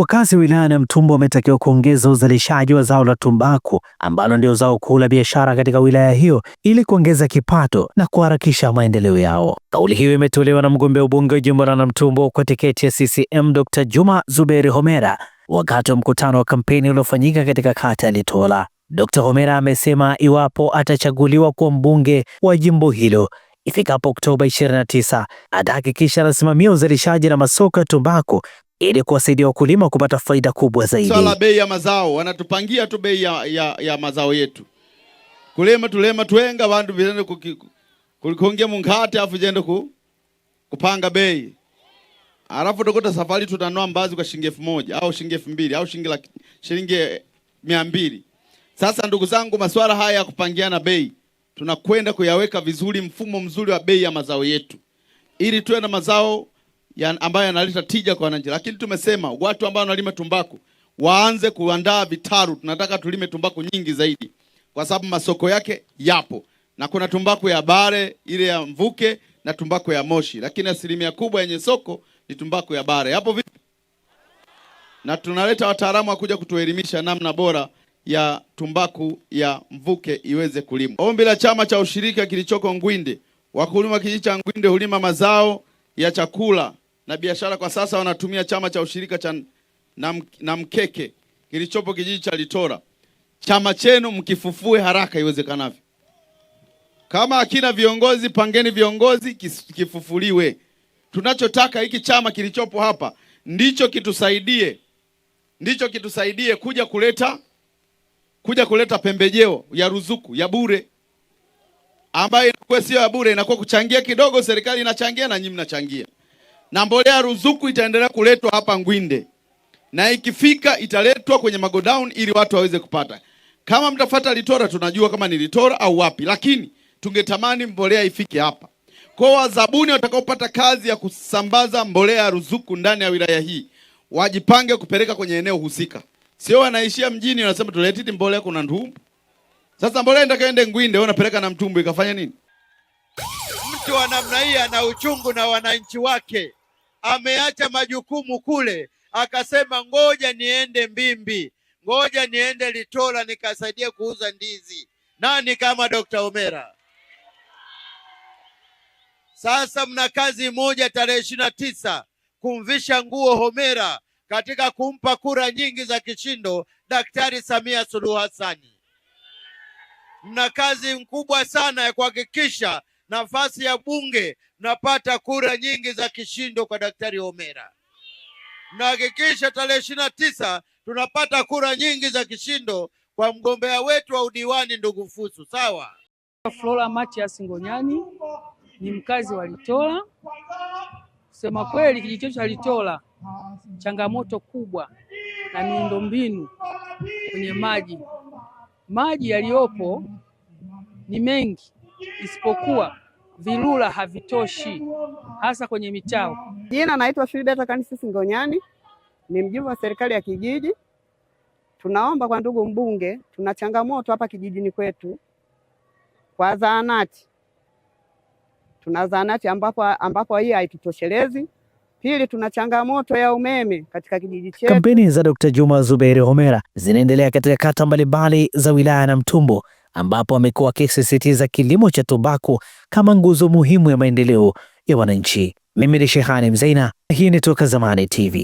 Wakazi wa wilaya ya Namtumbo wametakiwa kuongeza uzalishaji wa zao la tumbaku ambalo ndio zao kuu la biashara katika wilaya hiyo ili kuongeza kipato na kuharakisha maendeleo yao. Kauli hiyo imetolewa na mgombea ubunge wa jimbo la Namtumbo kwa tiketi ya CCM Dr. Juma Zuberi Homera wakati wa mkutano wa kampeni uliofanyika katika kata ya Litola. Dr. Homera amesema iwapo atachaguliwa kuwa mbunge wa jimbo hilo ifikapo Oktoba 29 atahakikisha anasimamia uzalishaji na masoko ya tumbaku ili kuwasaidia wakulima kupata faida kubwa zaidi. Swala bei ya mazao, wanatupangia tu bei ya, ya, ya mazao yetu kulema tulema tuenga vandu viende kulikongia mungate afu jende ku, kupanga bei alafu tokota safari tutanua mbazi kwa shilingi elfu moja au shilingi elfu mbili au shilingi mia mbili. Sasa ndugu zangu, masuala haya ya kupangiana bei tunakwenda kuyaweka vizuri, mfumo mzuri wa bei ya mazao yetu ili tuwe na mazao ya ambayo yanaleta tija kwa wananchi, lakini tumesema watu ambao wanalima tumbaku waanze kuandaa vitaru. Tunataka tulime tumbaku nyingi zaidi, kwa sababu masoko yake yapo, na kuna tumbaku ya bare ile ya mvuke na tumbaku ya moshi, lakini asilimia kubwa yenye soko ni tumbaku ya bare. Hapo vipi? Na tunaleta wataalamu wakuja kutuelimisha namna bora ya tumbaku ya mvuke iweze kulimwa. Ombi la chama cha ushirika kilichoko Ngwinde, wakulima kijiji cha Ngwinde hulima mazao ya chakula na biashara kwa sasa wanatumia chama cha ushirika cha mkeke kilichopo kijiji cha Litora. Chama chenu mkifufue haraka iwezekanavyo. Kama hakina viongozi, pangeni viongozi kifufuliwe. Tunachotaka hiki chama kilichopo hapa ndicho kitusaidie, ndicho kitusaidie kuja kuleta kuja kuleta pembejeo ya ruzuku ya bure ambayo inakuwa sio ya bure, inakuwa kuchangia kidogo, serikali inachangia na nyinyi mnachangia na mbolea ruzuku itaendelea kuletwa hapa Ngwinde, na ikifika italetwa kwenye magodown ili watu waweze kupata. Kama mtafuata Litora, tunajua kama ni Litora au wapi, lakini tungetamani mbolea ifike hapa. Kwa wazabuni watakaopata kazi ya kusambaza mbolea ya ruzuku ndani ya wilaya hii wajipange kupeleka kwenye eneo husika, sio wanaishia mjini, wanasema tuletiti mbolea kuna ndumbu. Sasa mbolea itakayoende Ngwinde wewe unapeleka na Mtumbu ikafanya nini? Mtu wa namna hii ana uchungu na wananchi wake ameacha majukumu kule, akasema ngoja niende Mbimbi, ngoja niende Litola nikasaidia kuuza ndizi. Nani kama Dokta Omera? Sasa mna kazi moja tarehe ishirini na tisa kumvisha nguo Homera katika kumpa kura nyingi za kishindo Daktari Samia Suluhu hasani Mna kazi mkubwa sana ya kuhakikisha nafasi ya bunge, mnapata kura nyingi za kishindo kwa Daktari Omera. Mnahakikisha tarehe ishirini na tisa tunapata kura nyingi za kishindo kwa mgombea wetu wa udiwani ndugu Fusu. Sawa. Flora Matias Ngonyani ni mkazi wa Litola. Kusema kweli, kijiji cha Litola changamoto kubwa na miundombinu kwenye maji. Maji yaliyopo ni mengi isipokuwa vilula havitoshi, hasa kwenye mitao. Jina naitwa Filibeta Kanisisi Ngonyani, ni mjumbe wa serikali ya kijiji. Tunaomba kwa ndugu mbunge, tuna changamoto hapa kijijini kwetu kwa zahanati. Tuna zahanati ambapo ambapo hii haitutoshelezi. Pili, tuna changamoto ya umeme katika kijiji chetu. Kampeni za Dr. Juma Zuberi Homera zinaendelea katika kata mbalimbali za wilaya ya Namtumbo ambapo amekuwa akisisitiza kilimo cha tumbaku kama nguzo muhimu ya maendeleo ya wananchi. Mimi ni Shehani mzeina hii ni Toka Zamani TV.